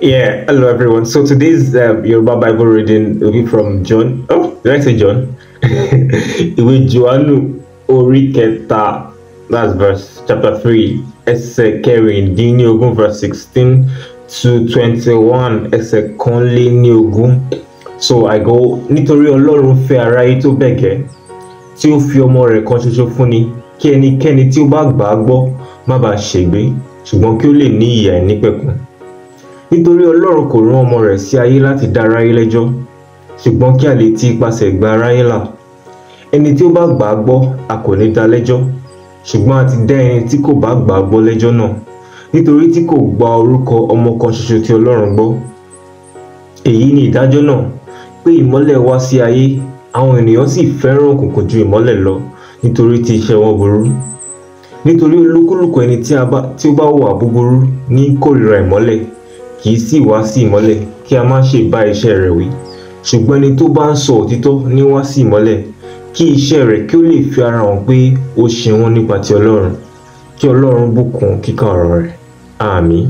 Yeah, hello everyone. So today's um, Yoruba Bible reading will be from John. Oh, did I say John? Ìwé Jòhánù orí Oriketa. that's verse chapter three, ẹsẹ̀ Diniogun verse sixteen to twenty-one, Conley kọkànlélógún. So I go Nitori Ọlọ́run fẹ́ aráyé tó bẹ́ẹ̀ gẹ́ tí ó fi ọmọ rẹ̀ kan ṣoṣo fúnni kí ẹnikẹ́ni tí ó bá gbà á gbọ́ má bàa ṣègbé ṣùgbọ́n kí ó lè ní ìyè àìnípẹ̀kun nítorí ọlọ́run kò rán ọmọ rẹ̀ sí ayé láti dá aráyé lẹ́jọ́ ṣùgbọ́n kí a lè ti ipasẹ̀ gba aráyé là ẹni tí ó bá gbà á gbọ́ a kò ní dá lẹ́jọ́ ṣùgbọ́n a ti dá ẹni tí kò bá gbà á gbọ́ lẹ́jọ́ náà nítorí tí kò gba orúkọ ọmọ kan ṣoṣo tí ọlọ́run gbọ́ èyí ni ìdájọ́ náà pé ìmọ́lẹ̀ wá sí ayé àwọn ènìyàn sì fẹ́ràn òkùnkùn ju ìmọ́lẹ̀ lọ nítorí tí iṣẹ́ wọn burú nítorí olúkúlùkù ẹni tí ó bá hùwà búburú ní kórìíra ìmọ́lẹ̀ kì í sì wá sí ìmọ́lẹ̀ kí a má ṣe bá iṣẹ́ rẹ̀ wí ṣùgbọ́n ẹni tó bá ń sọ òtítọ́ ní wá sí ìmọ́lẹ̀ kí iṣẹ́ rẹ̀ kí ó lè fi ara hàn pé ó ṣe wọ́n nípa ti Ọlọ́run kí Ọlọ́run bùkún kíkà ọ̀rọ̀ rẹ̀ àmín